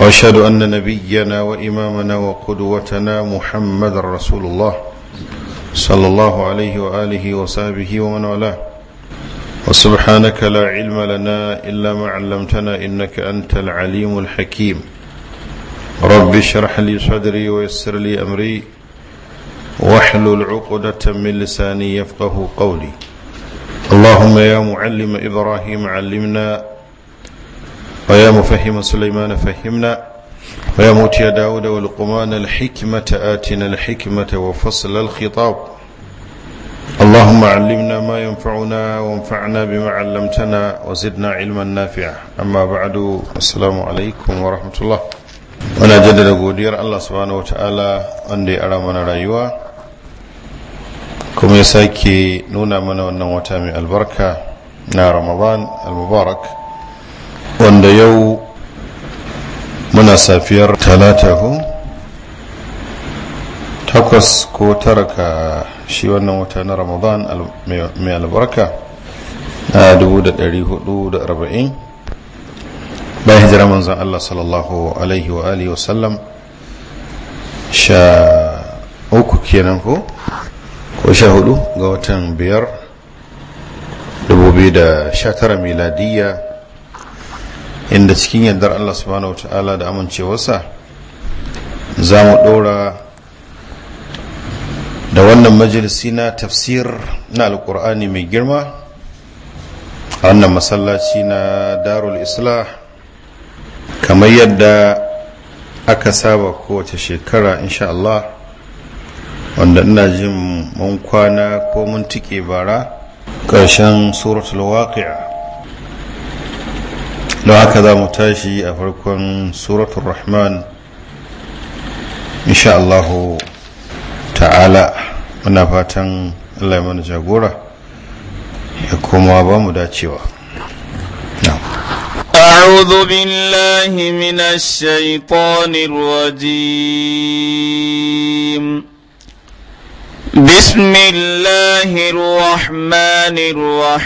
واشهد ان نبينا وامامنا وقدوتنا محمد رسول الله صلى الله عليه واله وصحبه ومن والاه وسبحانك لا علم لنا الا ما علمتنا انك انت العليم الحكيم رب اشرح لي صدري ويسر لي امري واحلل عقدة من لساني يفقه قولي اللهم يا معلم ابراهيم علمنا ويا مفهم سليمان فهمنا ويا موتي داود ولقمان الحكمة آتنا الحكمة وفصل الخطاب اللهم علمنا ما ينفعنا وانفعنا بما علمتنا وزدنا علما نافعا أما بعد السلام عليكم ورحمة الله muna jaddada godiyar Allah subhanahu wa ta'ala wanda ya ara mana rayuwa kuma ya sake nuna mana wannan wata mai albarka na ramadan al-mubarak wanda yau muna safiyar talata ko takwas ko tara ka shi wannan wata na ramadan mai albarka na 440 bayan hijira manzan Allah sallallahu alaihi wa alihi wasallam sha uku kenan ko ko sha hudu ga watan biyar 2019 miladiyya inda cikin yardar Allah subhanahu wata'ala da amincewarsa za mu ɗora da wannan majalisi na tafsir na alkur'ani mai girma a wannan masallaci na darul Isla. kamar yadda aka saba kowace shekara insha Allah wanda ina jin mun kwana ko mun tike bara ƙarshen suratul waqi'a da haka za mu tashi a farkon suratul rahman insha Allahu ta'ala muna fatan Allah ya mana jagora ya kuma ba mu dacewa أعوذ بالله من الشيطان الرجيم بسم الله الرحمن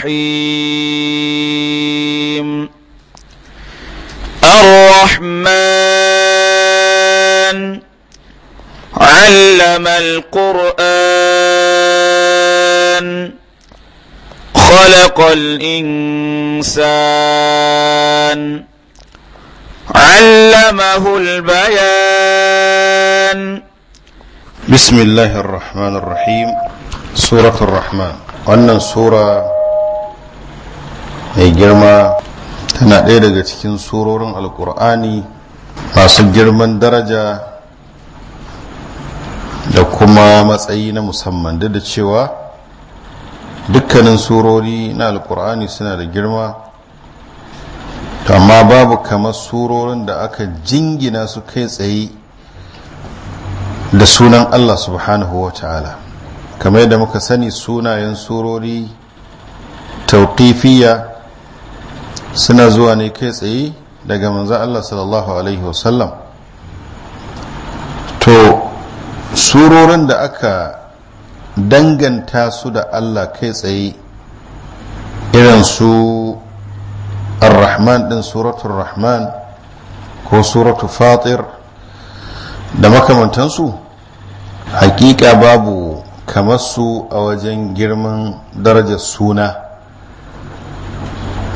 الرحيم الرحمن علم القرآن خلق الإنسان علمه البيان بسم الله الرحمن الرحيم سورة الرحمن wannan سورة أي girma tana ɗaya daga cikin surorin alkur'ani masu girman daraja da kuma matsayi na musamman duk da cewa dukkanin surori na alƙur'ani suna da girma amma babu kamar surorin da aka jingina su kai tsaye da sunan allah subhanahu wa ta'ala kamar yadda muka sani sunayen surori tauƙifiya suna zuwa ne kai tsaye daga manzan Allah sallallahu alaihi wasallam to surorin da aka danganta su da Allah kai tsaye irin su ar-rahman din suratul rahman ko suratul fatir da makamantansu hakika babu kamar su a wajen girman darajar suna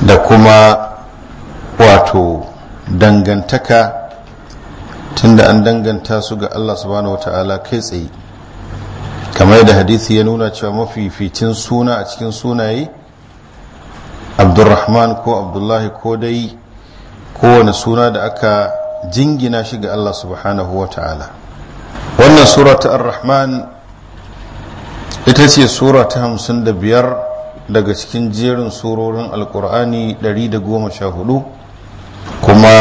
da kuma wato dangantaka tunda an danganta su ga Allah subhanahu wata'ala kai tsaye kamar yadda hadisi ya nuna cewa mafificin suna a cikin sunaye Abdulrahman ko abdullahi ko dai kowane suna da aka jingina shi ga Allah subhanahu wata'ala wannan sura ta ar-rahman ita ce sura ta hamsin da biyar daga cikin jerin surorin alkur'ani 114 kuma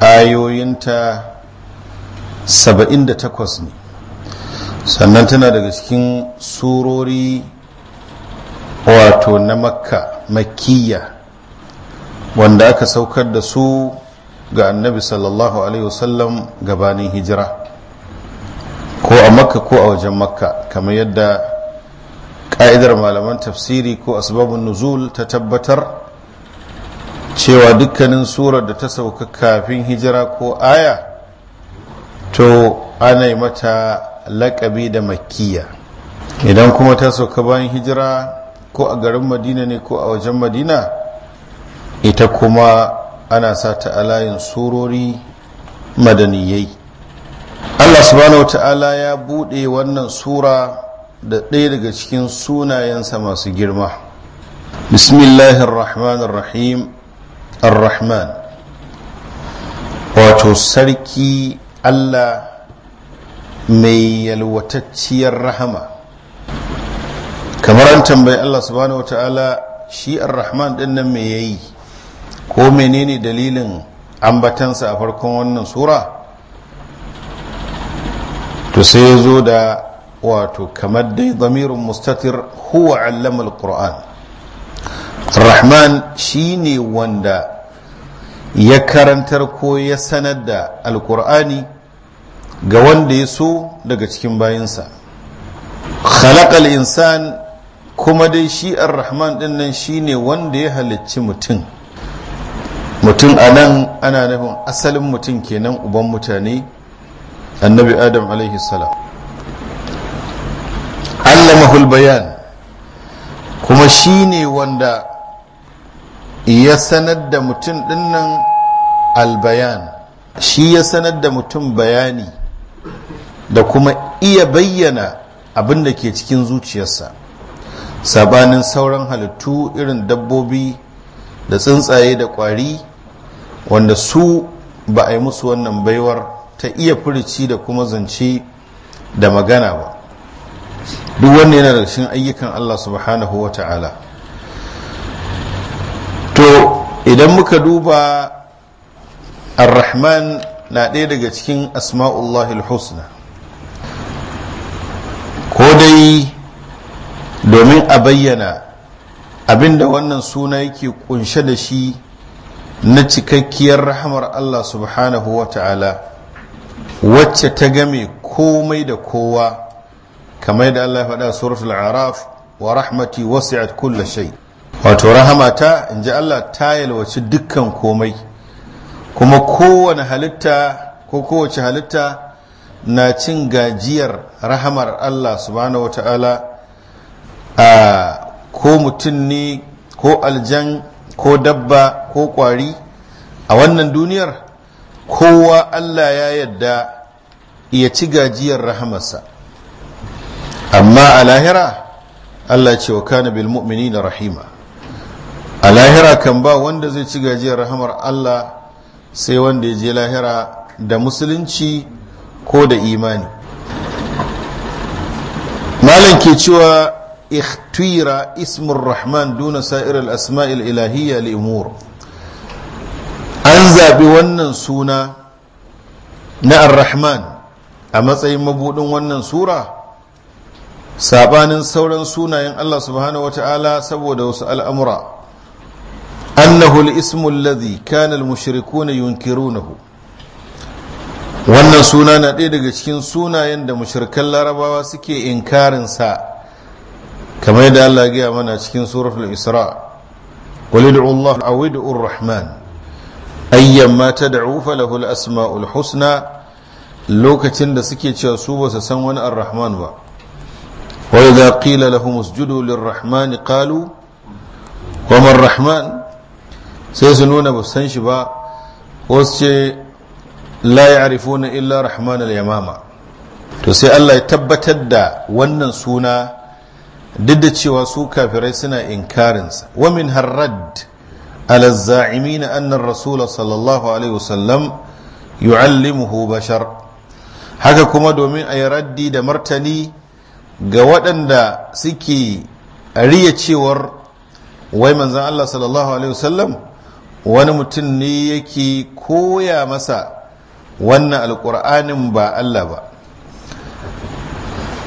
ayoyinta 78 ne sannan tana daga cikin surori wato na makka makiyya wanda aka saukar da su ga annabi sallallahu alaihi wasallam gabanin hijira ko a makka ko a wajen makka kamar yadda ƙa'idar malaman tafsiri ko asbabun nuzul ta tabbatar cewa dukkanin surar da ta sauka kafin hijira ko aya to ana yi mata laƙabi da makiyya. idan kuma ta sauka bayan hijira ko a garin madina ne ko a wajen madina ita kuma ana sa ta alayin surori madaniyai Allah subhanahu wa ta'ala ya buɗe wannan sura da ɗaya daga cikin sunayensa masu girma bismillahir rahmanir rahim ar-rahman wato sarki allah mai yalwatacciyar rahama kamar an tambayi allah subhanahu wata'ala shi ar-rahman ɗin nan mai yayi ko menene dalilin ambatansa a farkon wannan sura to sai ya zo da wato kamar dai zamirin mustatir huwa allama alquran rahman shine wanda ya karantar ko ya sanar da alkur'ani ga wanda ya so daga cikin bayansa khalaqal insan kuma dai shi ar-rahman dinnan shi shine wanda ya halicci mutum mutum a nan ana nufin asalin mutum kenan uban mutane annabi adam alaihi salam bada'ahul bayan kuma shi ne wanda ya sanar da mutum dinnan albayan shi ya sanar da mutum bayani da kuma iya bayyana abin da ke cikin zuciyarsa sabanin sauran halittu irin dabbobi da tsuntsaye da kwari wanda su ba a yi musu wannan baiwar ta iya furici da kuma zance da magana ba duk wanne yana daga cikin ayyukan Allah subhanahu wa ta'ala to idan muka duba ar-rahman na ɗaya daga cikin al husna ko dai domin a bayyana abinda wannan suna yake kunshe da shi na cikakkiyar rahamar Allah subhanahu wa ta'ala wacce ta game komai da kowa kamar yadda Allah ya faɗa suratul araf wa rahmati wasi'at kulli shay wato rahamata in ji Allah ta yalwaci dukkan komai kuma kowane halitta ko kowace halitta na cin gajiyar rahamar Allah subhanahu wata'ala a ko mutum ne ko aljan ko dabba ko kwari a wannan duniyar kowa Allah ya yadda ya ci gajiyar rahamarsa amma a lahira Allah ce wa kana bil rahima a lahira kan ba wanda zai ci gajiyar rahamar Allah sai wanda ya je lahira da musulunci ko da imani malam ke cewa ikhtira ismur rahman duna sa'ir al-asma'il ilahiyya li an zabi wannan suna na ar-rahman a matsayin mabudin wannan sura sabanin sauran sunayen Allah subhanahu wata'ala saboda wasu al'amura annahu al-ismu alladhi kana al-mushrikuna yunkirunahu wannan suna na ɗaya daga cikin sunayen da mushrikan larabawa suke inkarin sa kamar yadda Allah ya mana cikin suratul isra Walidu ud'u Allah aw Rahman. ar-rahman ta tad'u falahu Lahul asmaul husna lokacin da suke cewa su ba su san wani ar-rahman ba وإذا قيل لهم اسجدوا للرحمن قالوا nuna الرحمن سيسنون بسنشبا وسجي لا يعرفون إلا رحمن اليمامة تسي الله يتبتد ونن سونا duk da cewa su kafirai suna inkarinsa wa min harrad ala za'imin annar rasul sallallahu alaihi wasallam yu'allimuhu bashar haka kuma domin a yi raddi da martani ga waɗanda suke riya cewar wai manzan Allah sallallahu alaihi wasallam wani mutum ne yake koya masa wannan alƙur'anin ba Allah ba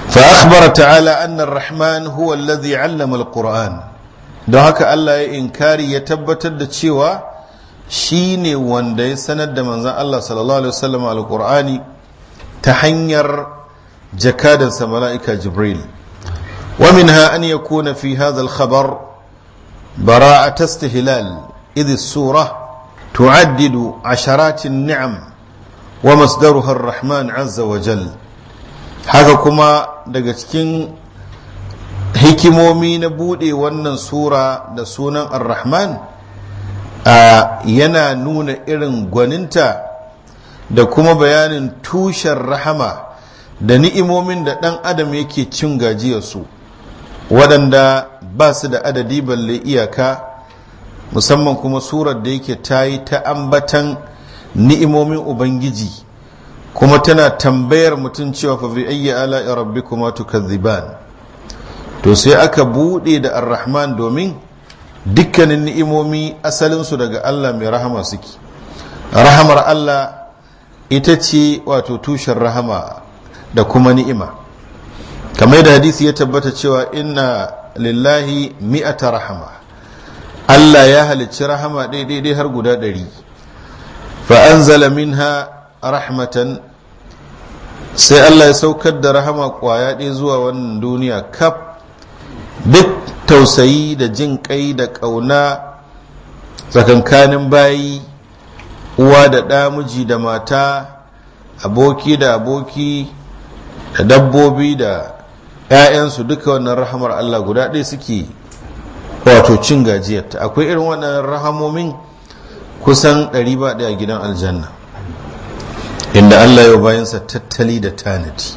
fa akhbara ta'ala anna rahman huwa alladhi 'allama quran don haka Allah ya inkari ya tabbatar da cewa shi ne wanda ya sanar da manzan Allah sallallahu Alaihi wasallam ta hanyar jakadansa mala'ika jibril ومنها أن يكون في هذا الخبر براءة استهلال إذ السورة تعدد عشرات النعم ومصدرها الرحمن عز وجل haka kuma daga cikin hikimomi na buɗe wannan sura da sunan arrahman A yana nuna irin gwaninta da kuma bayanin tushen rahama da ni'imomin da ɗan adam yake cin gajiyar su, waɗanda ba su da adadi balle iyaka musamman kuma surar da yake ta yi ta ambatan ni'imomin ubangiji kuma tana tambayar mutum cewa fa bi ayyi ala rabbikuma ziban, to sai aka buɗe da arrahman domin dukkanin ni'imomi asalinsu daga Allah mai rahama suke rahamar Allah ita ce wato tushen rahama da kuma ni'ima kamar da hadisi ya tabbata cewa inna lillahi mi'ata rahama Allah ya halicci rahama daidai har guda ɗari fa'anzala ha rahmatan sai Allah ya saukar da rahama kwaya ɗaya zuwa wannan duniya kaf duk tausayi da jin ƙai da ƙauna tsakankanin bayi uwa da ɗa da mata aboki da aboki da dabbobi da 'ya'yansu duka wannan rahamar Allah guda ɗaya suke wato cin gajiyarta akwai irin wannan rahamomin kusan ɗari ba ɗaya gidan aljanna inda Allah yau bayansa tattali da tanadi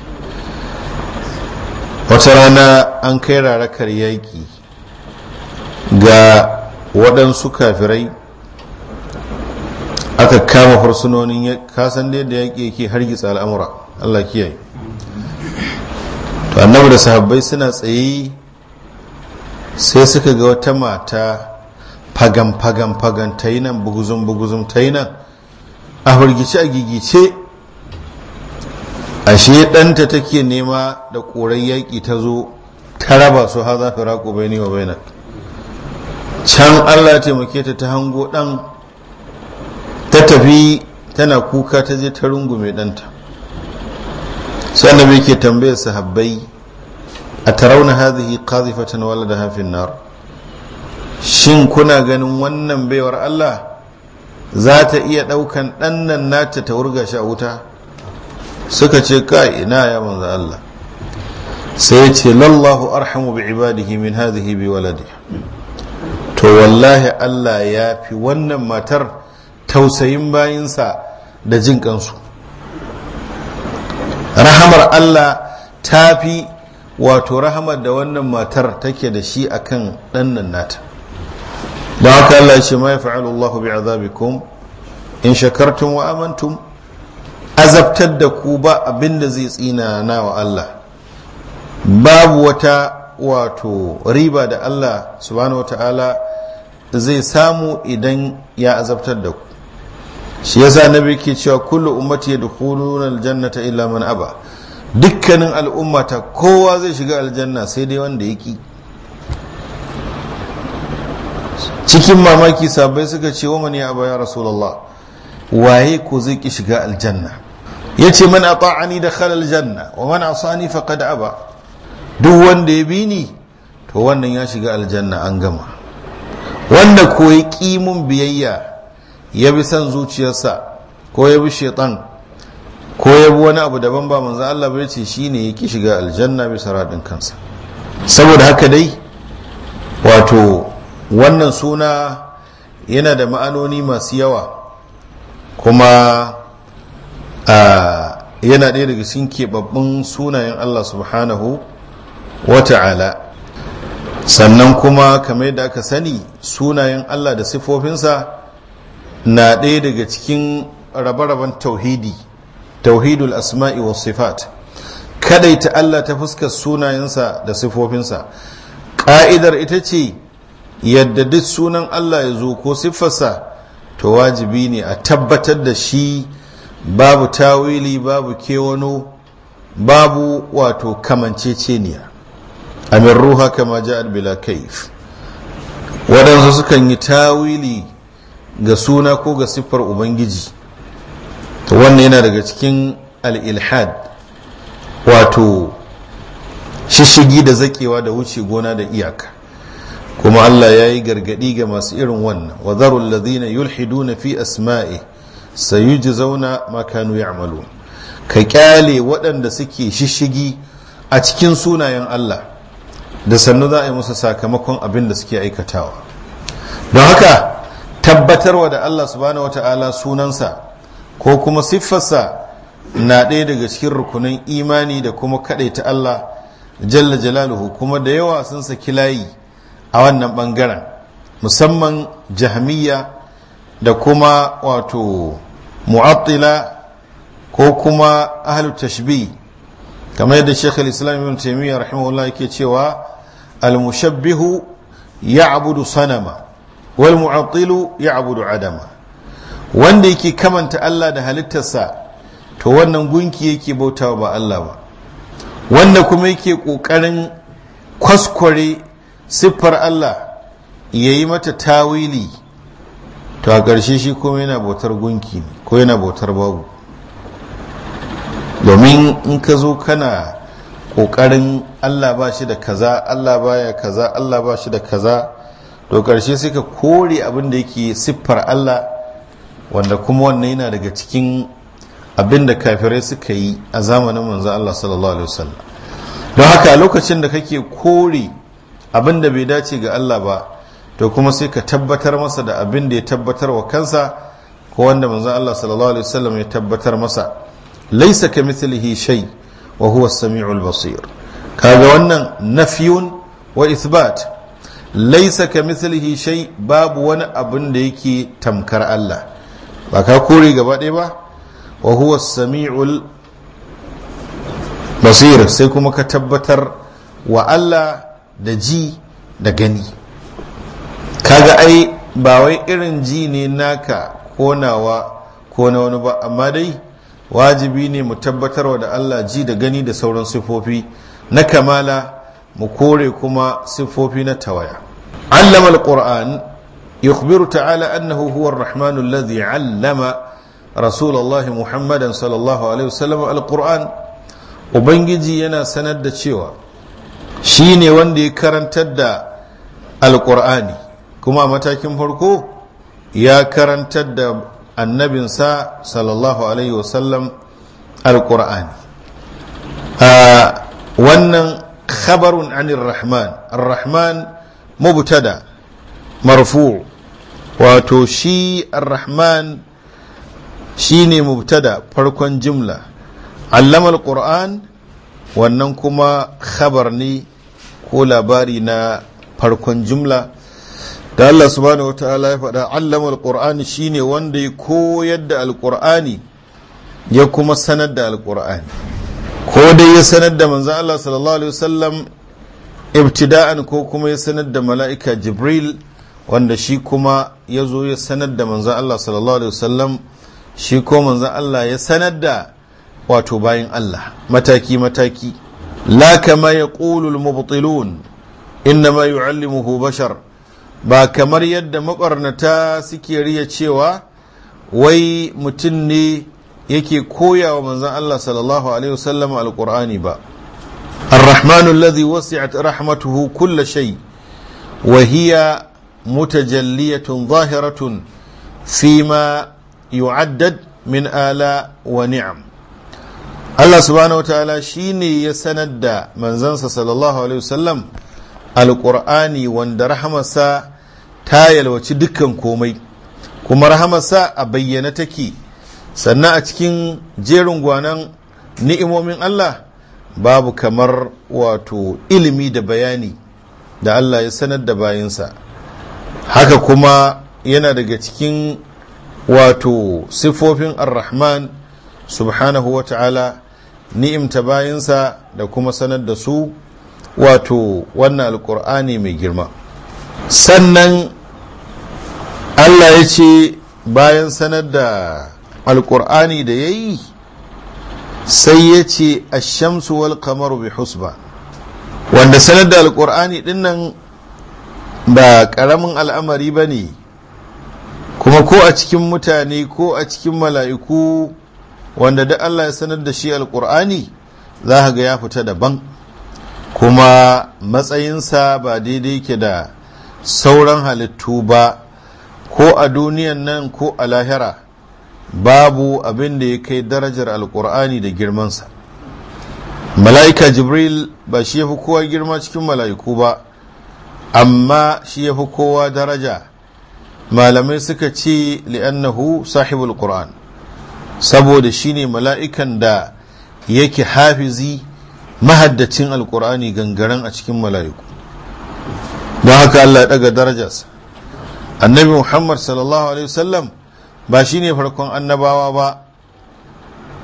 wata rana an kai rarakar yaƙi ga waɗansu kafirai aka kama fursunonin kasan da yadda yaƙi yake hargitsa al'amura Allah kiyaye to annabi da sahabbai suna tsaye sai suka ga wata mata fagan fagan fagan ta yi nan buguzun buguzun ta yi nan a firgice a gigice ashe ɗanta take nema da ƙorai yaƙi ta zo ta raba su ha za ka raƙo bai wa bai can allah taimake ta ta hango ɗan ta tafi tana kuka ta je ta rungume ɗanta sai annabi yake tambayar sahabbai a tarauna hadhihi qadhifatan waladaha fi nar shin kuna ganin wannan baiwar Allah za ta iya daukan ɗannan nata ta wurga shi a wuta suka ce kai ina ya manzo Allah sai ce lallahu arhamu bi ibadihi min hadhihi bi waladihi to wallahi Allah ya fi wannan matar tausayin bayinsa da jin kansu rahamar Allah ta fi wato rahamar da wannan matar take da shi akan ɗannan nata ba haka Allah ce ma ya fa'alullahu bi azabikum in shakartun wa amantum azabtar da ku ba abin da zai tsina na wa Allah babu wata wato riba da Allah subhanahu wa ta'ala zai samu idan ya azabtar da ku shi yasa nabi ke cewa kullu ummati yadkhuluna aljannata illa man aba dukkanin al'ummata kowa zai shiga aljanna sai dai wanda ya ki cikin mamaki sabai suka ce wa man ya aba ya rasulullah waye ko zai ki shiga aljanna yace man ata'ani dakhala aljanna wa man asani faqad aba duk wanda ya bi ni to wannan ya shiga aljanna an gama wanda ko ya ki mun biyayya ya bi son zuciyarsa ko ya bi shaitan ko ya bi wani abu daban ba manzo Allah bai ce shine yake shiga aljanna bisa saradin kansa saboda haka dai wato wannan suna yana da ma'anoni masu yawa kuma yana ɗaya daga cikin keɓaɓɓun sunayen Allah subhanahu wa ta'ala sannan kuma kamar yadda aka sani sunayen Allah da sifofinsa na ɗaya daga cikin rabe-raben tauhidi tauhidul asma'i wa sifat kadaita Allah ta fuska sunayensa da sifofinsa ƙa'idar ita ce yadda duk sunan Allah ya zo ko siffarsa to wajibi ne a tabbatar da shi babu tawili babu kewano babu wato kamanceceniya amin ruha kama ja'ad bila kaif waɗansu sukan yi tawili ga suna ko ga siffar ubangiji wannan yana daga cikin al-ilhad wato shishigi da zakewa da wuce gona da iyaka kuma Allah ya yi gargadi ga masu irin wannan wa zarul yulhidu yulhiduna fi asma'i sayujzauna ma kanu ya'malun ka kyale waɗanda suke shishigi a cikin sunayen Allah da sannu za a yi musu sakamakon abin da suke aikatawa don haka tabbatarwa da Allah subhanahu wata'ala sunansa ko kuma siffarsa na ɗaya daga cikin rukunin imani da kuma ta Allah jalla jalaluhu kuma da yawa sun saki layi a wannan ɓangaren musamman jahmiya da kuma wato mu'attila ko kuma ahlu tashbi kamar yadda Sheikh al-Islam Ibn Taymiyyah rahimahullah yake cewa al-mushabbihu ya'budu sanama wal mu'attilu ya'budu adama wanda yake kamanta Allah da halittarsa to wannan gunki yake bautawa ba Allah ba wanda kuma yake kokarin kwaskware siffar Allah yayi mata tawili to a ƙarshe shi kuma yana bautar gunki ne ko yana bautar babu domin in ka zo kana ƙoƙarin allah ba shi da kaza allah baya kaza allah ba shi da kaza to karshe sai ka kore abin da yake siffar Allah wanda kuma wannan yana daga cikin abinda kafirai suka yi a zamanin manzo Allah sallallahu alaihi wasallam don haka a lokacin da kake kore abinda bai dace ga Allah ba to kuma sai ka tabbatar masa da abinda ya tabbatar wa kansa ko wanda manzo Allah sallallahu alaihi wasallam ya tabbatar masa laisa kamithlihi shay wa huwa samiul basir kaga wannan nafiyun wa isbat. laisa ka mislihi shai babu wani abin da yake tamkar Allah ba ka kore gaba ɗaya ba wa huwa sami'ul basir sai kuma ka tabbatar wa Allah da ji da gani kaga ai ba wai irin ji ne naka konawa ko na wani ba amma dai wajibi ne mu tabbatar wa da Allah ji da gani da sauran sifofi na kamala mu kore kuma siffofi na tawaya allama alquran yukhbiru ta'ala annahu huwa arrahman alladhi allama rasulullah muhammadan sallallahu alaihi wasallam alquran ubangiji yana sanar da cewa shine wanda ya karantar da Al-ƙur'ani, kuma a matakin farko ya karantar da annabinsa sallallahu alaihi wasallam alqurani ah, wannan خبر عن الرحمن الرحمن مبتدا مرفوع wato shi ar-rahman shi mubtada farkon jimla allamal qur'an wannan kuma khabar ne ko labari na farkon jimla da Allah subhanahu wa ta'ala ya faɗa allamal qur'an shi wanda ya koyar da alqur'ani ya kuma sanar da alqur'ani ko dai ya sanar da manzan Allah sallallahu alaihi wasallam ibtida'an ko kuma ya sanar da mala'ika jibril wanda shi kuma ya zo ya sanar da manzan Allah sallallahu alaihi wasallam shi ko manzan Allah ya sanar da wato bayan Allah mataki mataki la kama ya ƙulul mubtilun innama yu'allimuhu bashar ba kamar yadda makwarnata suke riya cewa wai mutum ne yake koyawa manzon Allah sallallahu alaihi wasallam alqur'ani ba الرحمن الذي وسعت رحمته كل شيء وهي متجلية ظاهرة فيما يعدد من آلاء ونعم Allah subhanahu wa ta'ala shi ne ya sanar da manzansa sallallahu Alaihi wasallam alƙur'ani wanda sa ta yalwaci dukkan komai, kuma sa a bayyana take sannan a cikin jerin gwanan ni'imomin Allah babu kamar wato ilimi da bayani da Allah ya sanar da bayinsa haka kuma yana daga cikin wato sifofin ar-rahman subhanahu wa ta'ala ni'imta bayinsa da kuma sanar da su wato wannan alkur'ani mai girma sannan Allah ya ce bayan sanar da alkur'ani da ya yi sai ya ce a shamsu wal kamaru bi husba wanda sanar da alkur'ani dinnan ba ƙaramin al'amari ba ne kuma ko a cikin mutane ko a cikin mala'iku wanda da Allah ya sanar da shi alkur'ani za a ga ya fita daban kuma matsayinsa ba daidai ke da sauran halittu ba ko a duniyan nan ko a lahira babu abin da ya kai darajar alkur'ani da girmansa mala'ika jibril ba shi ya fi kowa girma cikin mala'iku ba amma shi ya fi kowa daraja malamai suka ce li'annahu sahibul qur'an saboda shi ne mala'ikan da yake hafizi mahaddacin alkur'ani gangaren a cikin mala'iku don haka allah ya daga darajarsa annabi muhammad sallallahu alaihi wasallam ba shi ne farkon annabawa ba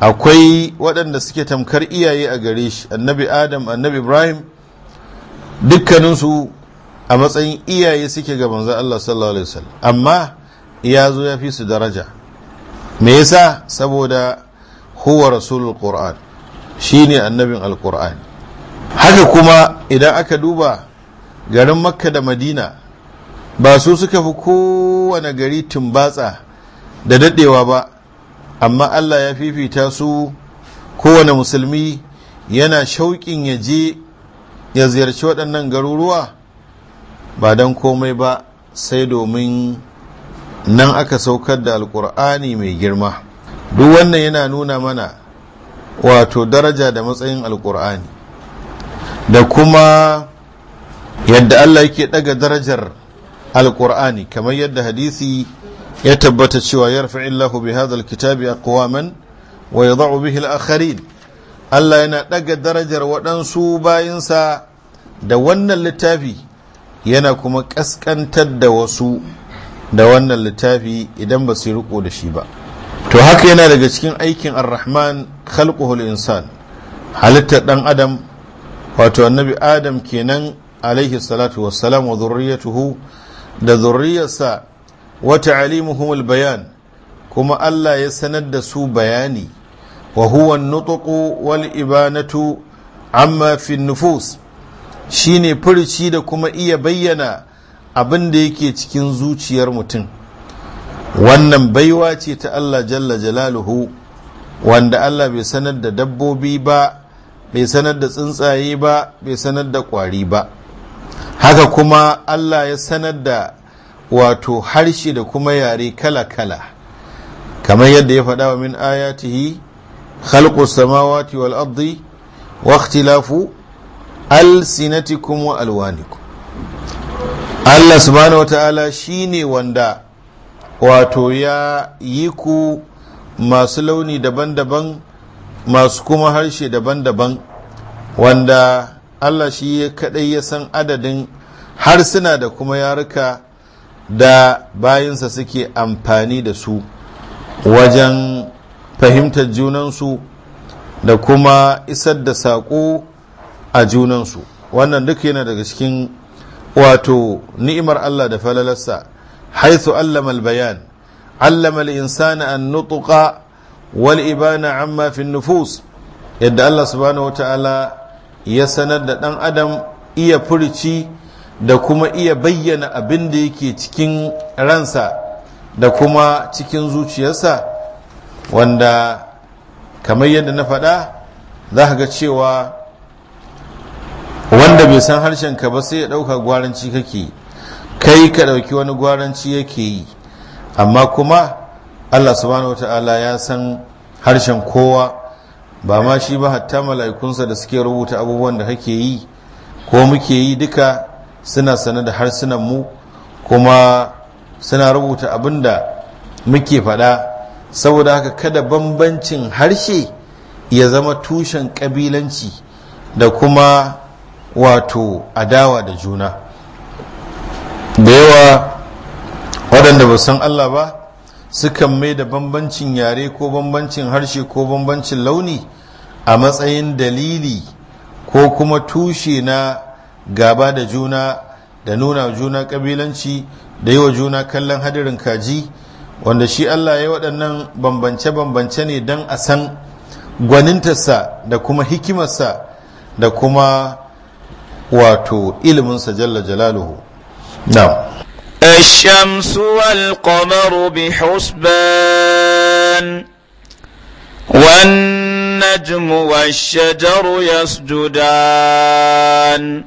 akwai waɗanda suke tamkar iyaye a gare shi annabi adam annabi ibrahim dukkaninsu a matsayin iyaye suke ga manzo Allah sallallahu alaihi wasallam amma ya zo ya fi su daraja me yasa saboda huwa rasulul qur'an shine annabin alqur'ani haka kuma idan aka duba garin makka da madina ba su suka fi kowane gari tumbatsa da daɗewa ba amma Allah ya fifita su kowane musulmi yana shauƙin ya je ya ziyarci waɗannan garuruwa ba don komai ba sai domin nan aka saukar da alkur'ani mai girma duk wannan yana nuna mana wato daraja da matsayin alkur'ani da kuma yadda Allah yake ɗaga darajar alƙur'ani kamar yadda hadisi ya tabbata cewa rufe illahu bi hadha alkitabi aqwaman wa yad'u bihi akharin Allah yana ɗaga darajar waɗansu bayinsa da wannan littafi yana kuma ƙasƙantar da wasu da wannan littafi idan ba su riko da shi ba to haka yana daga cikin aikin ar-rahman khalquhul insan halittar ɗan adam wato annabi adam kenan alaihi salatu wassalam wa zurriyatuhu da zurriyarsa wata alimuhumul bayan kuma Allah ya sanar da su bayani wa huwa nutuqu wal ibanatu amma fi nufus shine furci da kuma iya bayyana abin da yake cikin zuciyar mutum wannan baiwa ce ta Allah jalla jalaluhu wanda Allah bai sanar da dabbobi ba bai sanar da tsuntsaye ba bai sanar da kwari ba haka kuma Allah ya sanar da wato harshe da kuma yare kala-kala kamar yadda ya faɗa wa min ayatihi khalqu samawati wal ardi wa ikhtilafu alsinatikum wa alwanikum Allah subhanahu wata'ala shine wanda wato ya yi ku masu launi daban-daban masu kuma harshe daban-daban wanda Allah shi kadai ya san adadin harsuna da kuma yaruka da bayansa suke amfani da su wajen fahimtar junansu da kuma isar da saƙo a junansu wannan duk yana daga cikin wato ni'imar Allah da falalarsa haithu allama bayan allama al-insana an nutuqa wal ibana amma fi nufus yadda Allah subhanahu Ta'ala ya sanar da ɗan adam iya furci da kuma iya bayyana abin da yake cikin ransa da kuma cikin zuciyarsa wanda kamar yadda na faɗa za ka ga cewa wanda bai san harshen ka ba sai ya ɗauka gwaranci kake kai ka ɗauki wani gwaranci yake yi amma kuma allah subhanahu wata'ala ya san harshen kowa ba ma shi ba hatta mala'ikunsa da suke rubuta abubuwan da kake yi ko muke yi duka suna sane da harsunan mu kuma suna rubuta abin da muke faɗa saboda haka kada bambancin harshe ya zama tushen ƙabilanci da kuma wato adawa da juna da yawa waɗanda ba san Allah ba sukan mai da bambancin yare ko bambancin harshe ko bambancin launi a matsayin dalili ko kuma tushe na gaba da juna da nuna juna kabilanci da yi wa juna kallon hadirin kaji wanda shi Allah ya waɗannan bambance-bambance ne don a san gwanintarsa da kuma hikimarsa da kuma wato iliminsa jalla jalaluhu na'am الشمس والقمر بحسبان والنجم والشجر يسجدان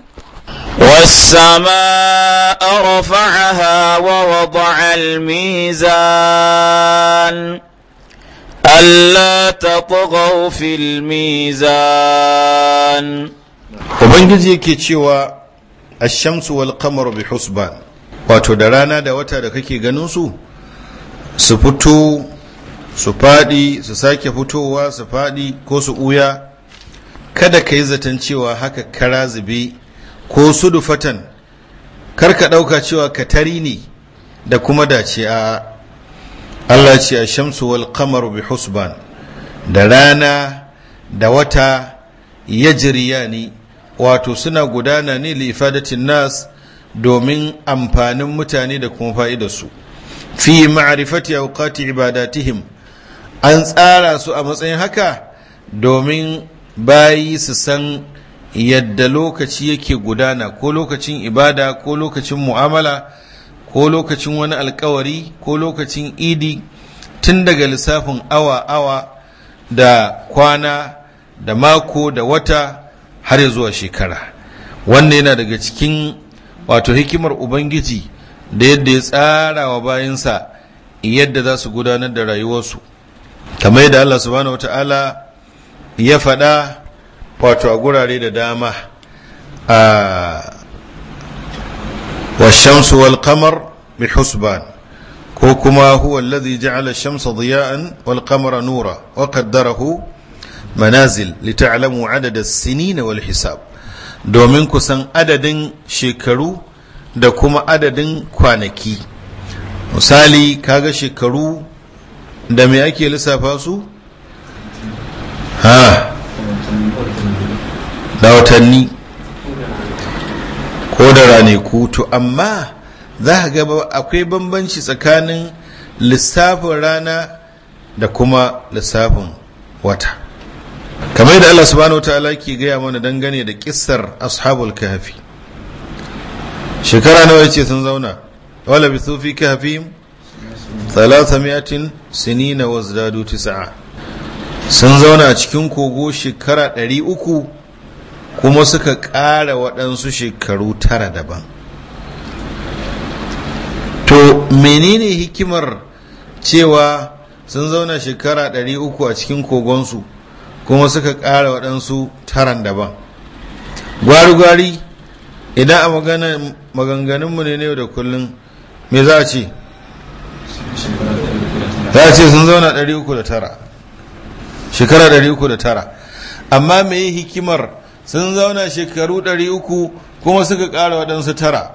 والسماء رفعها ووضع الميزان ألا تطغوا في الميزان Ubangiji yake cewa Shamsu wal qamaru bi husban wato da rana da wata da kake ganin su su fito su faɗi su sake fitowa su faɗi ko su uya, kada ka yi zaton cewa haka kara zube ko sudufatan kar ka ɗauka cewa ka tari ne da kuma dace a Allah ce a shamsu wal qamaru bi husban da rana da wata ya ni wato suna gudana ne lifadatin nas domin amfanin mutane da kuma fa'idarsu fi ma'arifati wukati ibadatihim an tsara su a matsayin haka domin bayi su san yadda lokaci yake gudana ko lokacin ibada ko lokacin mu'amala ko lokacin wani alkawari ko lokacin idi tun daga lissafin awa-awa da kwana da mako da wata har zuwa shekara wannan yana daga cikin wato hikimar ubangiji da yadda ya tsara wa bayansa yadda za su gudanar da rayuwarsu kamar yadda allah subhanahu wata'ala ya faɗa wato a gurare da dama a washamsu wal kamar bi husban ko kuma huwa alladhi ja'ala shamsa diya'an wal qamara nura wa qaddarahu manazil lita'lamu adada as wal hisab domin kusan adadin shekaru da kuma adadin kwanaki misali kaga shekaru da me ake lissafa su ha da watanni ko da ranaku to amma za gaba akwai bambanci tsakanin lissafin rana da kuma lissafin wata kamar da Allah subhanahu wa ta'ala ke gaya mana dangane da kissar ashabul kahfi shekara nawa yace sun zauna wala bi sufi kahfihim 300 sinina wazdadu tis'a sun zauna a cikin kogo shekara 300 kuma suka ƙara waɗansu shekaru tara daban to menene hikimar cewa sun zauna shekara 300 a cikin kogonsu kuma suka ƙara waɗansu taran daban gwari-gwari idan a maganganunmu ne yau da kullum me za a ce za a ce sun zauna 309 shekara 309 amma me hikimar sun zauna shekaru ɗari uku kuma suka ƙara waɗansu tara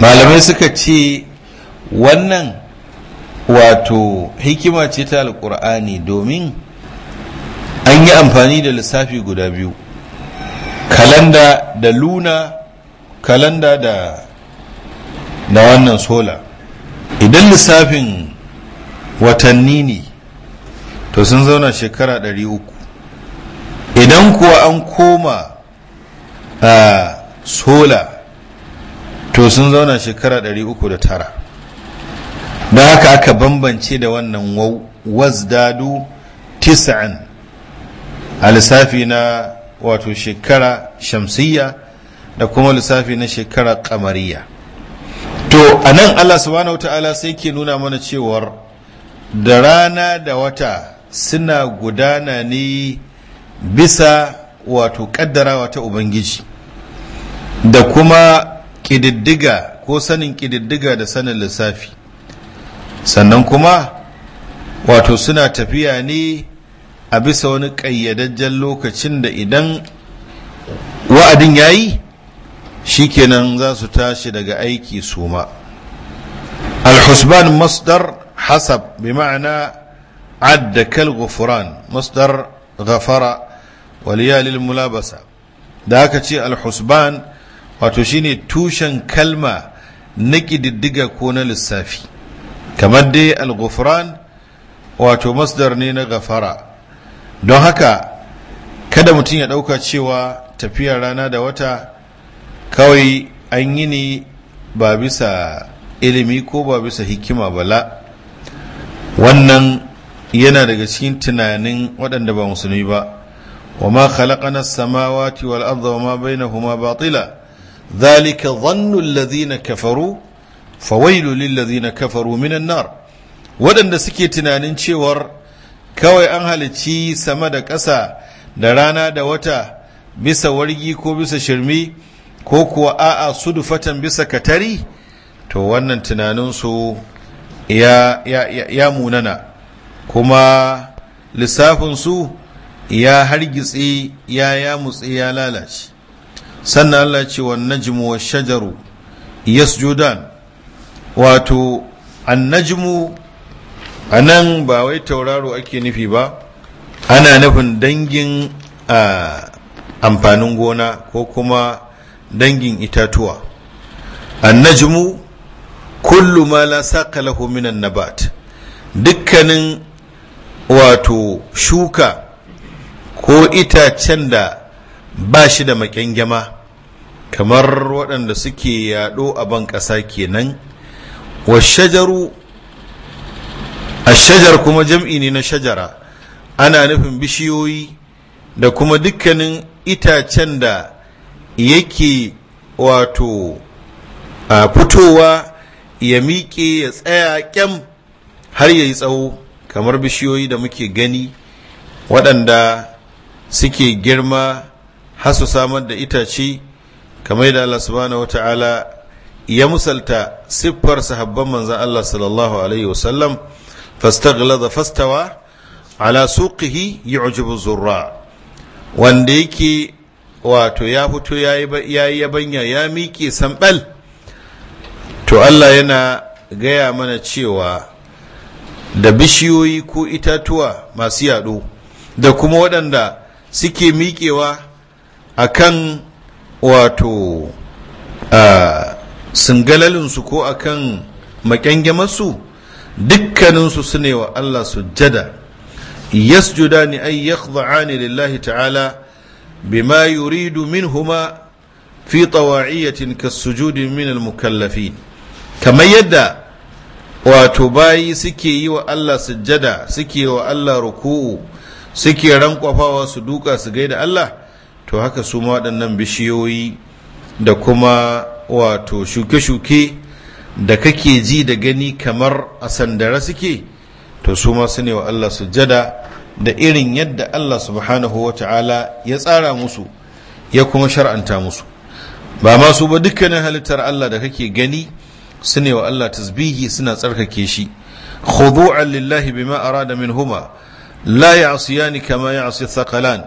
malamai suka ce wannan wato hikima ce ta alƙur'ani domin an yi amfani da lissafi guda biyu kalanda da luna kalanda da da wannan sola idan lissafin watanni ne to sun zauna shekara ɗari uku idan kuwa an koma a sola to sun zauna shekara ɗari uku da tara don haka aka bambance da wannan wazdadu tisa'an a lissafi na wato shekara shamsiyya da kuma lissafi na shekara kamariya to a nan allah subhanahu wa ta'ala sai ke nuna mana cewar da rana da wata suna gudana ne bisa wato kaddara ta ubangiji da kuma ƙididdiga ko sanin ƙididdiga da sanin lissafi sannan kuma wato suna tafiya ne a bisa wani ƙayyadajjen lokacin da idan wa'adin ya yi shikenan za su tashi daga aiki suma. ma al masdar حسب بمعنى عد كالغفران مصدر غفر وليا للملابسة ذاك شيء الحسبان وتشيني توشن كلمة نكد ko na lissafi kamar dai الغفران wato masdar ne na gafara don haka kada mutum ya ɗauka cewa tafiya rana da wata kawai an yi ni ba bisa ilimi ko ba bisa hikima bala. wannan yana daga cikin tunanin waɗanda ba musulmi ba wa ma khalaqana samawati wal arda wa ma bainahuma batila dhalika dhannu alladhina kafaru fawailu lil ladhina kafaru minan nar waɗanda suke tunanin cewar kawai an halici sama da ƙasa da rana da wata bisa wargi ko bisa shirmi ko kuwa a'a sudufatan bisa katari to wannan tunaninsu ya, ya, ya, ya munana kuma lissafinsu ya hargitse ya yamutse ya lalace sannan Allah ce wa najmu wa shajaru yasjudan wato annajmu a nan ba wai tauraro ake nufi ba ana nufin dangin amfanin gona ko kuma dangin itatuwa annajmu kullu ma la saqa lahu minan nabat dukkanin wato shuka ko itacen da ba shi da maƙyangyama kamar waɗanda suke yaɗo a ban ƙasa kenan wa shajaru a shajar kuma jam'i ne na shajara ana nufin bishiyoyi da kuma dukkanin itacen da yake wato a fitowa ya miƙe ya tsaya kyam har ya yi tsawo kamar bishiyoyi da muke gani waɗanda suke girma hasu samar da itace kamar da Allah subhanahu wa ta'ala ya musalta siffar sahabban manzan Allah sallallahu alaihi wasallam fastaghlaza fastawa ala suqihi yu'jibu zurra wanda yake wato ya fito yayi yabanya ya miƙe sambal to Allah yana gaya mana cewa da bishiyoyi ko itatuwa masu yaɗo da kuma waɗanda suke miƙewa a kan wato singalalinsu ko a kan makyangamarsu dukkaninsu su ne wa Allah sujjada yasjuda ni ay yakhda'ani lillahi ta'ala bima yuridu huma fi tawa'iyatin kasujudin min al-mukallafin kamar yadda wato bayi suke yi wa Allah sujjada suke wa Allah ruku'u suke rankwafawa su duka su gaida Allah to haka su ma waɗannan bishiyoyi da kuma wato shuke-shuke da kake ji da gani kamar a sandara suke to su ma su ne wa Allah sujjada da irin yadda Allah subhanahu wa ta'ala ya tsara musu ya kuma shar'anta musu ba masu ba dukkanin halittar Allah da kake gani sune wa Allah tasbihi suna tsarkake shi khudu'an lillahi bima arada minhuma la ya'siyani kama ya'si thaqalan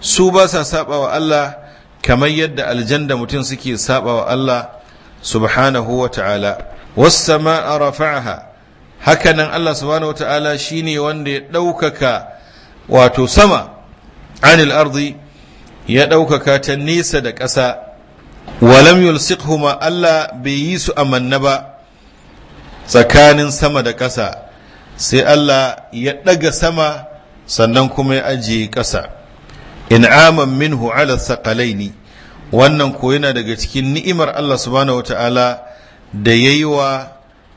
su ba sa saba wa Allah kamar yadda aljanda mutum suke saba wa Allah subhanahu wa ta'ala was-sama'a rafa'aha hakanan Allah subhanahu wa ta'ala shine wanda ya ɗaukaka wato sama anil ardi ya ɗaukaka ta nesa da ƙasa walam yulsiqhuma Allah bai yi su amanna ba tsakanin sama da ƙasa sai Allah ya ɗaga sama sannan kuma ya ajiye ƙasa in'aman minhu ala ne. wannan ko yana daga cikin ni'imar Allah subhanahu wata'ala da yayi wa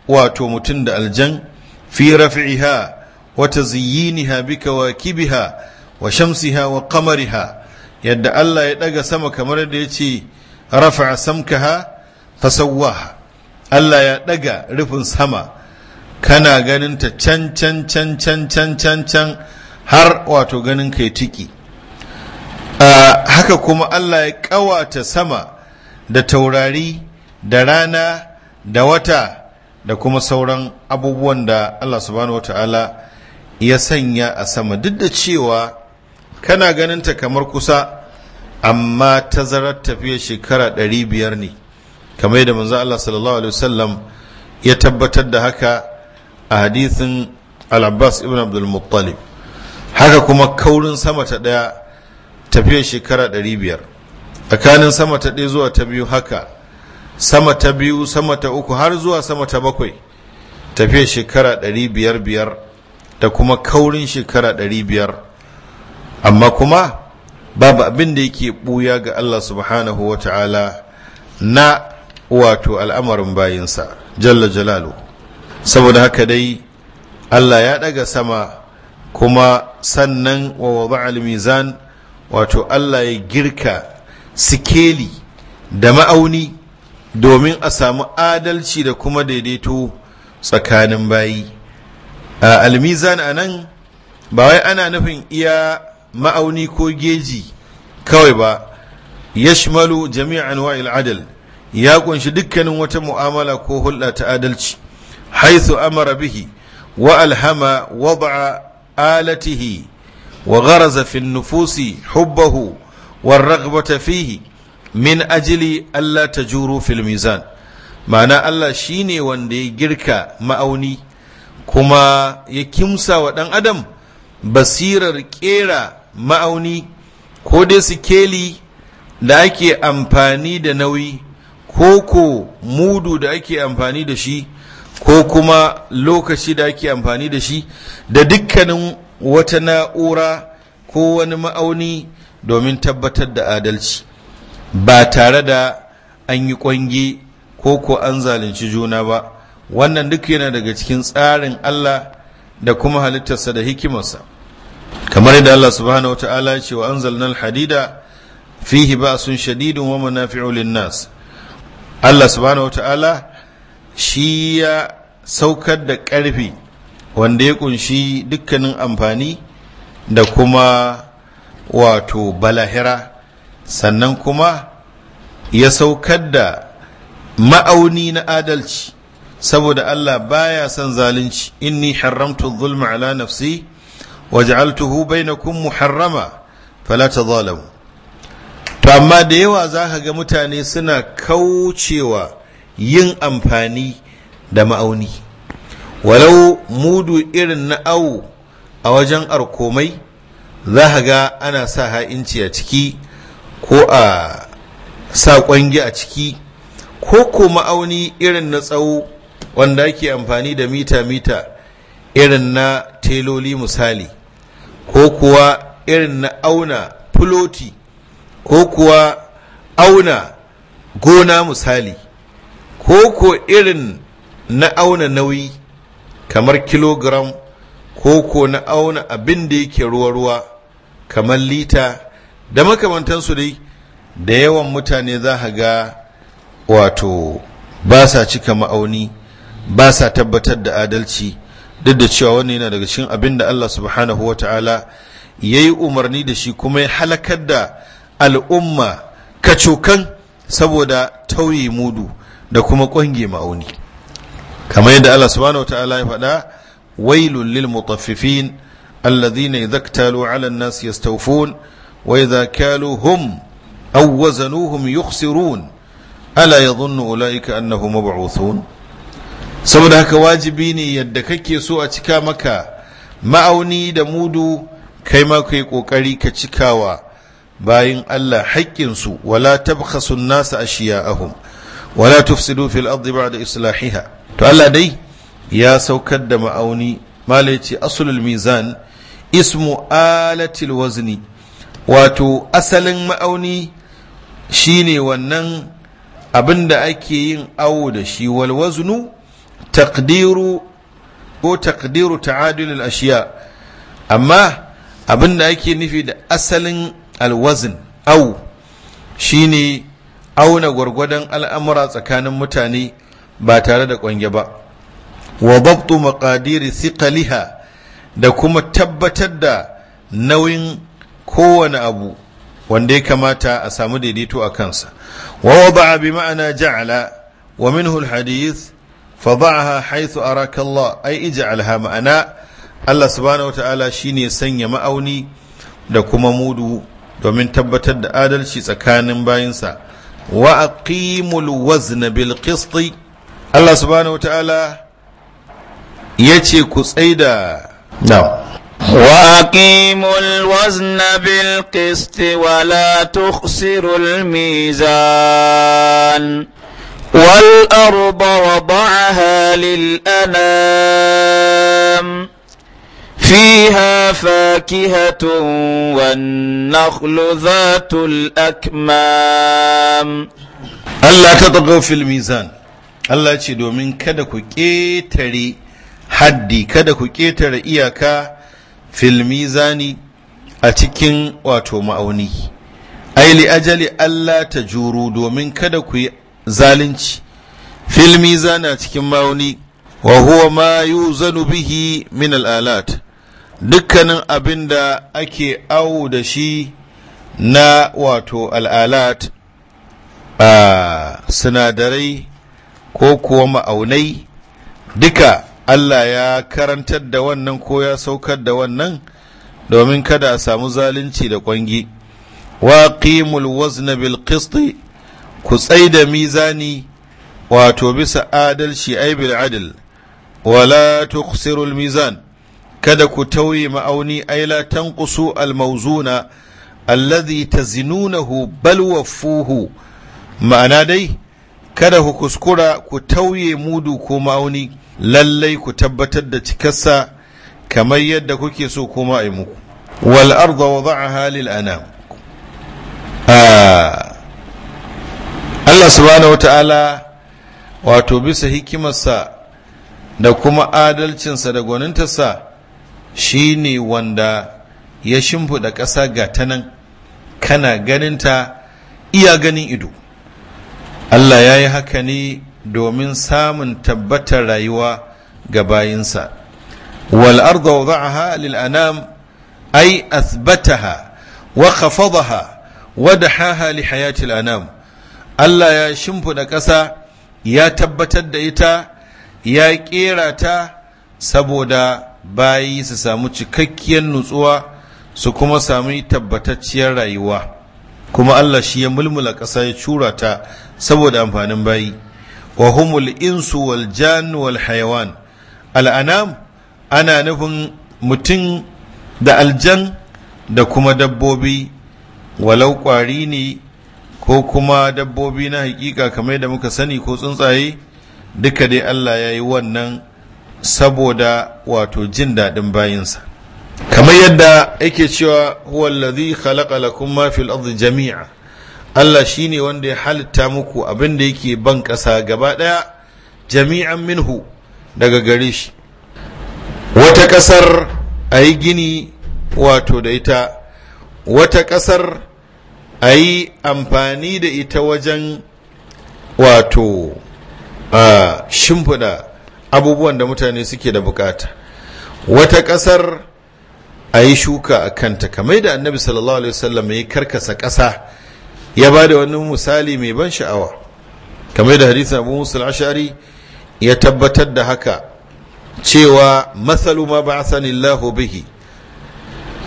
wato mutum da aljan fi rafi'iha ziyiniha, bika bi kawakibiha wa shamsiha wa kamariha yadda Allah ya ɗaga sama kamar da ya ce rafa'a samkaha fasawwaha Allah ya ɗaga rufin sama kana ganin ta can can can can can can can har wato ganin kai tiki haka kuma Allah ya ƙawata sama da taurari da rana da wata da kuma sauran abubuwan da Allah subhanahu wata'ala ya sanya a sama duk da cewa kana ganin ta kamar kusa amma tazarar tafiya shekara 500 ne kamar yadda manzo Allah sallallahu alaihi wasallam ya tabbatar da haka a hadithin al-Abbas ibn Abdul Muttalib haka kuma kaurin sama ta daya tafiya shekara 500 tsakanin sama ta daya zuwa ta biyu haka sama ta biyu sama ta uku har zuwa sama ta bakwai tafiya shekara 500 biyar da kuma kaurin shekara 500 amma kuma babu abin da yake buya ga Allah subhanahu wa ta'ala na wato al'amarin bayinsa jalla jalalu saboda haka dai Allah ya daga sama kuma sannan wa wada al-mizan wato Allah ya girka sikeli da ma'auni domin a samu adalci da kuma daidaito tsakanin bayi a al-mizan a nan ba wai ana nufin iya ma'auni ko geji kawai ba yashmalu jami'an wa'il adal ya kunshi dukkanin wata mu'amala ko hulɗa ta adalci haisu amara bihi wa alhama wada'a alatihi wa gharaza fi nufusi hubbahu wa ragbata fihi min ajili Allah ta juru fil mizan ma'ana Allah shine wanda ya girka ma'auni kuma ya kimsa wa ɗan adam basirar ƙera ma'auni ko dai sikeli da ake amfani da nauyi ko ko mudu da ake amfani da shi ko kuma lokaci da ake amfani da shi da dukkanin wata na'ura ko wani ma'auni domin tabbatar da adalci ba tare da an yi kwangi ko ko an zalunci juna ba wannan duk yana daga cikin tsarin Allah da kuma halittarsa da hikimarsa kamar yadda Allah subhanahu wa ta'ala ce wa anzalna al-hadida fihi ba'sun shadidun wa manafi'u lin-nas Allah subhanahu wa ta'ala shi ya saukar da ƙarfi wanda ya kunshi dukkanin amfani da kuma wato balahira sannan kuma ya saukar da ma'auni na adalci saboda Allah baya son zalunci inni haramtu zulma ala nafsi وجعلته بينكم muharrama فلا تظالموا to amma da yawa za ka ga mutane suna kaucewa yin amfani da ma'auni walau mudu irin na awo a wajen arkomai za ka ga ana sa ha'inci a ciki ko a sa kwangi a ciki ko ko ma'auni irin na tsawo wanda ake amfani da mita-mita irin na teloli misali ko kuwa irin na auna fuloti ko kuwa auna gona misali ko ko irin na auna nauyi kamar kilogram ko ko na auna abin da yake ruwa-ruwa kamar lita da makamantansu dai da yawan mutane za a ga wato ba sa cika ma'auni ba sa tabbatar da adalci duk da cewa wannan yana daga cikin abin da Allah subhanahu wa ta'ala ya yi umarni da shi kuma ya halakar da al'umma kacokan saboda tauye mudu da kuma ƙwange ma'auni kamar yadda Allah subhanahu wa ta'ala ya faɗa wailun lil mutaffifin alladhina idza iktalu 'ala an-nas yastawfun wa idza kaluhum aw wazanuhum yukhsirun ala yadhunnu ulaika annahum mab'uthun saboda haka wajibi ne yadda kake so a cika maka ma'auni da mudu kai ma kai kokari ka cikawa bayan Allah haƙƙinsu wala tabkhasu nasa ahun. wala tufsidu fil ardi ba'da islahiha to Allah dai ya saukar da ma'auni malai ce asulul mizan ismu alatil wazni wato asalin ma'auni shine wannan abin da ake yin awo da shi wal waznu taqdiru ko taqdiru ta'adilul ashiya amma abin da ake nufi da asalin alwazin au shine auna gwargwadon al'amura tsakanin mutane ba tare da ƙwange ba wa babtu maƙadiri thiqaliha da kuma tabbatar da nauyin kowane abu wanda ya kamata a samu daidaito a kansa wa wada bi ma'ana ja'ala wa minhu alhadith fadha'aha haythu araka Allah ai ij'alha ma'ana Allah subhanahu wataala shine sanya ma'auni da kuma mudu domin tabbatar da adalci tsakanin bayinsa wa aqimul wazna bil qist Allah subhanahu wataala yace ku tsaida na'am وأقيموا الوزن بالقسط ولا تخسروا والأرض وضعها للأنام فيها فاكهة والنخل ذات الأكمام Allah ta tsago fil mizan Allah ce domin kada ku ƙetare haddi kada ku ƙetare iyaka fil mizani a cikin wato ma'auni aili ajali Allah ta juru domin kada ku yi zalunci filmi zana cikin ma'auni wa huwa ma yuzanu bihi min al'alat dukkanin abin da ake awo da shi na wato al'alat a sinadarai ko kuwa ma'aunai duka Allah ya karantar da wannan ko ya saukar da wannan domin kada a samu zalunci da kwangi wa ƙimul wazna bil qisti ku tsai da mizani wato bisa adalci ai bil adil wala tuqsirul mizan kada ku tauye ma'auni ai la tanqusu al mawzuna alladhi tazinunahu bal wafuhu ma'ana dai kada ku kuskura ku tauye mudu ko ma'auni lallai ku tabbatar da cikarsa kamar yadda kuke so kuma ai muku wal arda wada'aha lil anam ah. Allah subhanahu wato bisa hikimarsa da kuma adalcinsa da gwanintarsa shi ne wanda ya shimfiɗa ƙasa ga tanan kana ganinta iya ganin ido Allah ya yi haka ne domin samun tabbatar rayuwa ga bayinsa wal arda wada'aha lil anam ay athbataha wa khafadaha wa dahaha li hayati al anam Allah ya shimfiɗa ƙasa ya tabbatar da ita ya ƙera ta saboda bayi su samu cikakkiyar nutsuwa su kuma sami tabbatacciyar rayuwa kuma Allah shi ya mulmula ƙasa ya cura ta saboda amfanin bayi wa humul insu wal wal hayawan al'anam ana nufin mutum da aljan da kuma dabbobi walau ƙwari ne ko kuma dabbobi na hakika kamar da muka sani ko tsuntsaye duka dai Allah ya yi wannan saboda wato jin daɗin bayinsa kamar yadda yake cewa huwallazi khalaqa lakum ma fil ardi jami'a Allah shine wanda ya halitta muku abin da yake ban ƙasa gaba ɗaya jami'an minhu daga gare shi wata ƙasar a gini wato da ita wata ƙasar a yi amfani da ita wajen wato shimfiɗa abubuwan da mutane suke da bukata wata ƙasar a yi shuka a kanta kamar da annabi sallallahu alaihi wasallam ya yi karkasa ƙasa ya ba da wani misali mai ban sha'awa kamar da hadisin abu musul ashari ya tabbatar da haka cewa matsalu ma ba bihi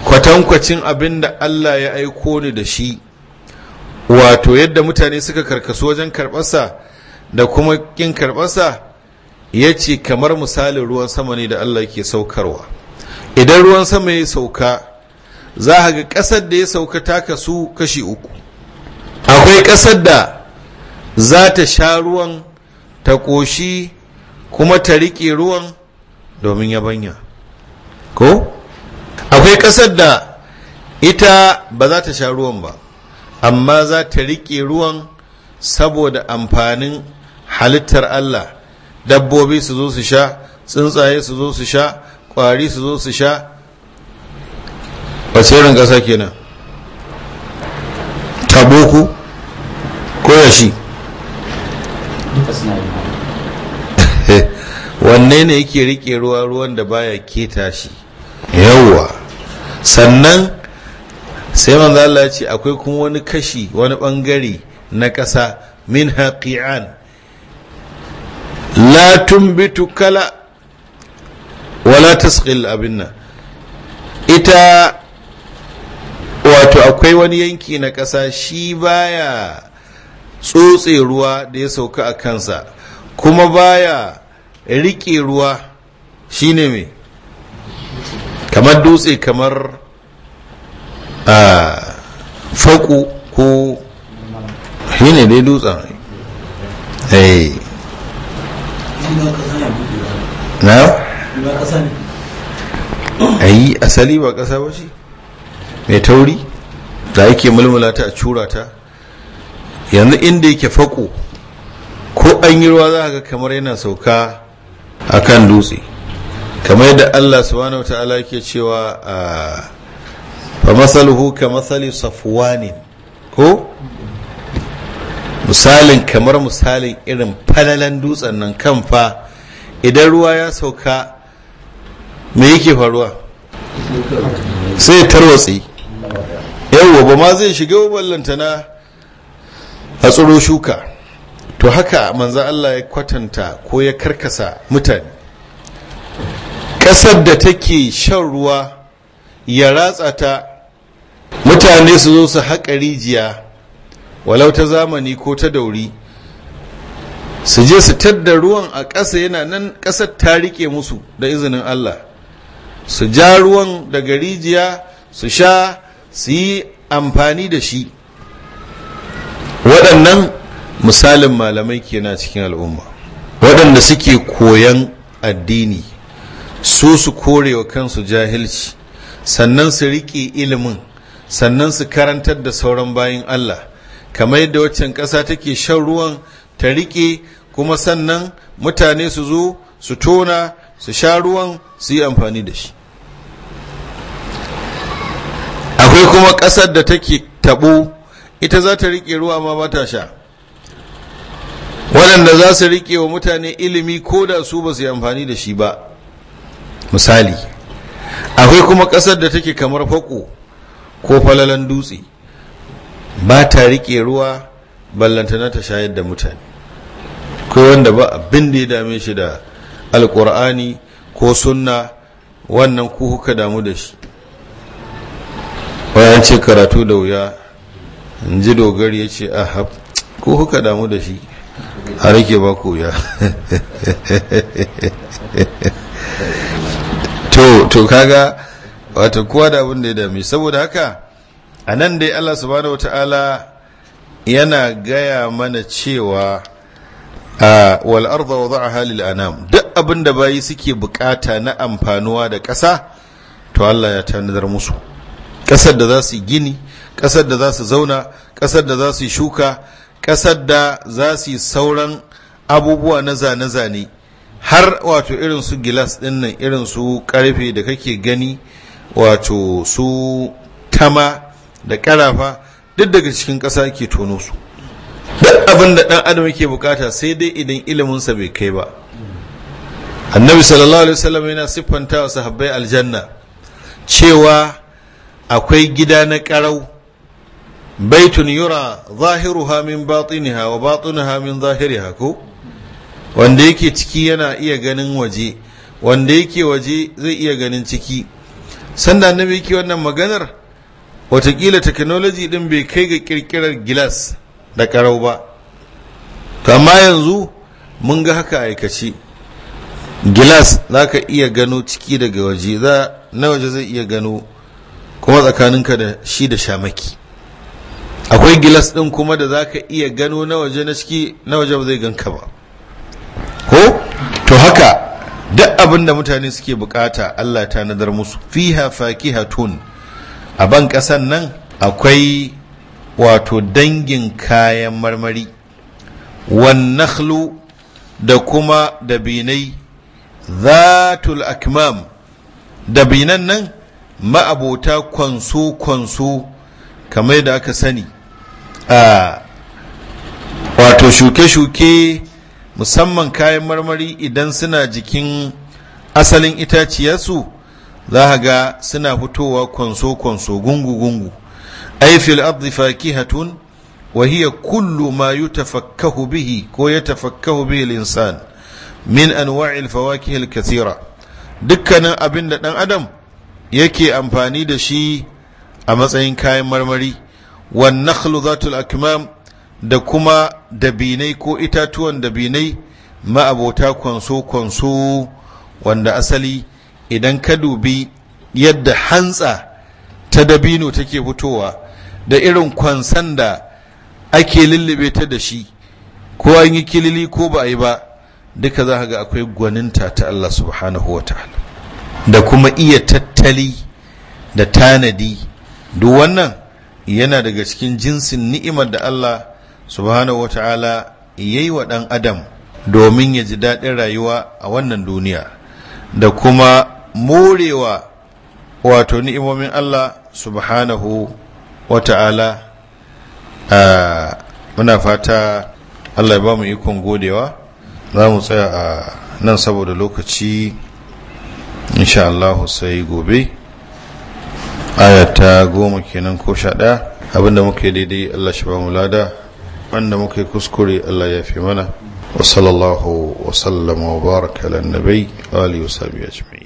kwatankwacin abin da Allah ya aiko ni da shi wato yadda mutane suka karkasu wajen karɓarsa da kuma ƙin karɓarsa ya ce kamar misalin ruwan sama ne da Allah ke saukarwa idan ruwan sama ya sauka za a ga ƙasar da ya sauka ta kasu kashi uku akwai ƙasar da za ta sha ruwan ta ƙoshi kuma ta riƙe ruwan domin ya banya. ko akwai ƙasar da ita ba za ta sha ruwan ba amma za ta riƙe ruwan saboda amfanin halittar Allah dabbobi su zo su sha tsuntsaye su zo su sha ƙwari su zo su sha wace irin ƙasa kenan taboku ko yashi wanne ne yake riƙe ruwa ruwan da baya keta shi yawwa sannan sai manzo Allah ya ce akwai kuma wani kashi wani bangare na ƙasa min haqi'an la tumbitu kala wala tasqil abinna ita wato akwai wani yanki na ƙasa shi baya tsotse ruwa da ya sauka a kansa kuma baya rike ruwa shine me kamar dutse kamar Ah, foku ko shi ne dai dutsen eh na? ayi asali ba ƙasa ba ce mai tauri da yake mulmula ta a cura ta yanzu inda yake faƙo ko an yi ruwa za a ga kamar yana sauka a kan dutse kamar yadda allah subhanahu wa ta'ala ke cewa a ah, fa masaluhu ka masali ne, ko misalin kamar misalin irin falalan dutsen nan kan fa idan ruwa ya sauka mai yake faruwa sai tarwatsi yau ba ma zai shiga ballantana a tsoro shuka to haka manzan Allah ya kwatanta ko ya karkasa mutane ƙasar da take shan ruwa ya ratsa ta mutane su zo su haƙa rijiya walau ta zamani ko ta dauri su je su tadda ruwan a ƙasa yana nan ƙasar ta riƙe musu da izinin Allah su ja ruwan daga rijiya su sha su yi amfani da shi waɗannan misalin malamai kenan cikin al'umma waɗanda suke koyan addini su su korewa kansu jahilci sannan su riƙe ilimin sannan su karantar da sauran bayan Allah kamar yadda waccan ƙasa take shan ruwan ta riƙe kuma sannan mutane su zo su tona su sha ruwan su yi amfani da shi akwai kuma ƙasar da take taɓo ita za ta riƙe ruwa ma ba ta sha waɗanda za su riƙe wa mutane ilimi ko da su ba su yi amfani da shi ba misali akwai kuma ƙasar da take kamar faƙo ko falalan dutse ba ta riƙe ruwa ballantana ta shayar da mutane kai wanda ba abin da ya dame shi da alƙur'ani ko sunna wannan ku kuka damu da shi bayan ce karatu da wuya in ji dogari ya ce ahab ku kuka damu da shi a rike ba ku wuya to kaga wato kowa da abin da ya dame saboda haka a nan dai Allah subhanahu yana gaya mana cewa a wal arda halil a anam duk abin da bayi suke bukata na amfanuwa da ƙasa to Allah ya tanadar musu ƙasar da za su gini ƙasar da za su zauna ƙasar da za su shuka ƙasar da za su yi sauran abubuwa na zane-zane har wato irin su gilas ɗin nan irin su ƙarfe da kake gani wato su tama da karafa duk daga cikin ƙasa ke tono su duk abin da ɗan adam yake bukata sai dai idan iliminsa bai kai ba annabi sallallahu alaihi wasallam yana siffanta wa sahabbai aljanna cewa akwai gida na ƙarau baitun yura zahiruha min batiniha wa batiniha min zahiriha ko wanda yake ciki yana iya ganin waje wanda yake waje zai iya ganin ciki sanda na yake wannan maganar watakila technology din bai kai ga kirkirar gilas da karau ba to amma yanzu mun ga haka aikaci gilas za ka iya gano ciki daga waje na waje zai iya gano kuma tsakaninka da shi da shamaki akwai gilas din kuma da za ka iya gano na waje na ciki na waje ba zai ganka ba ko to haka duk abin da mutane suke bukata Allah ta nadar musu fiha fakihatun a ban kasan nan akwai wato dangin kayan marmari wan nakhlu da kuma dabinai zatul akmam dabinan nan ma'abota kwanso-kwanso kamar da aka sani a ah, wato shuke-shuke musamman kayan marmari idan suna jikin asalin itaciyarsu za a ga suna fitowa kwanso-kwanso gungu-gungu aifil ardi fakihatun wa hiya kullu ma yutafakkahu bihi ko yatafakkahu bihi al-insan min anwa'il fawakihil al dukkanin abin da dan adam yake amfani da shi a matsayin kayan marmari wan nakhlu zatul akmam da kuma dabinai ko itatuwan dabinai ma'abota kwanso-kwanso wanda asali idan ka dubi yadda hantsa ta dabino take fitowa da irin kwansan da ake lullube ta da shi ko an yi kilili ko ba a yi ba duka za ga akwai gwaninta ta Allah subhanahu wa ta'ala da kuma iya tattali da tanadi duk wannan yana daga cikin jinsin ni'imar da Allah subhanahu wata'ala yi wa ɗan adam domin ya ji daɗin rayuwa a wannan duniya da kuma morewa wato ni'imomin Allah subhanahu wata'ala muna fata Allah ya ba mu ikon godewa za mu tsaya a nan saboda lokaci insha Allah sai gobe aya goma kenan ko sha ɗaya abinda muke daidai Allah shi ba mu lada عنا مكي كسكري الله يفهمنا وصلى الله وسلم وبارك على النبي آله وصحبه أجمعين